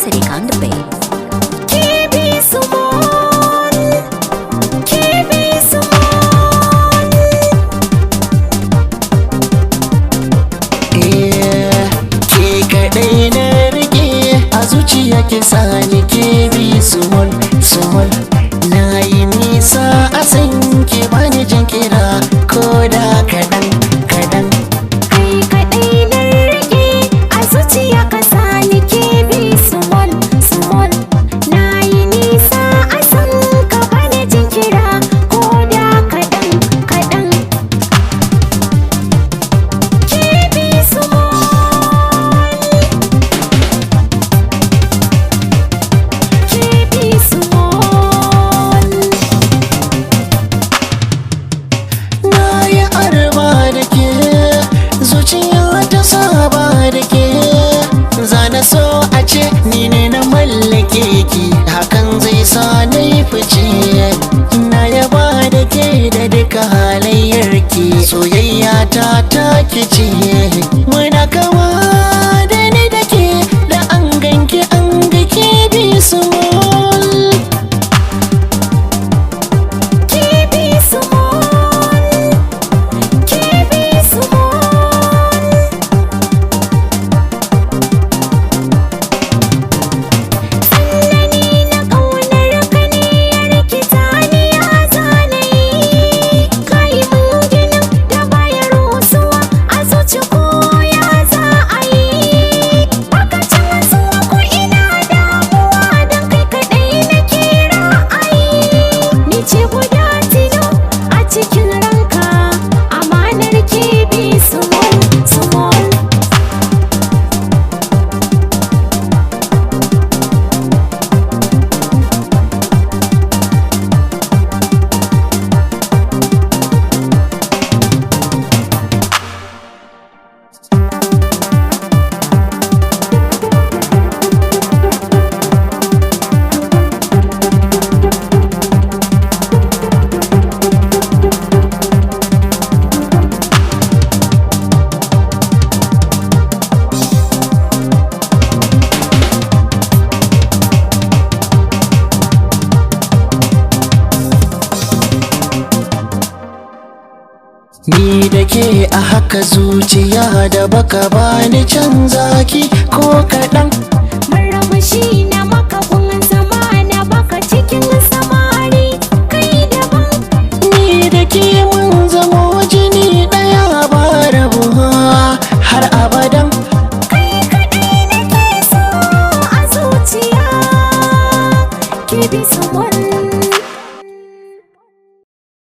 శ్రీకాంత్ పై eh, zuciya ke sani ke bi suwal suwal na yi nisa a sanke ke bani jinkira zuciya ta saba da ke zana so a ce ni ne na mallake ki hakan zai sa na yi fice na yaba da ke da duka halayyar ki soyayya ta ta kice Ni da ke a haka zuciya da baka bani canza ki ko kaɗan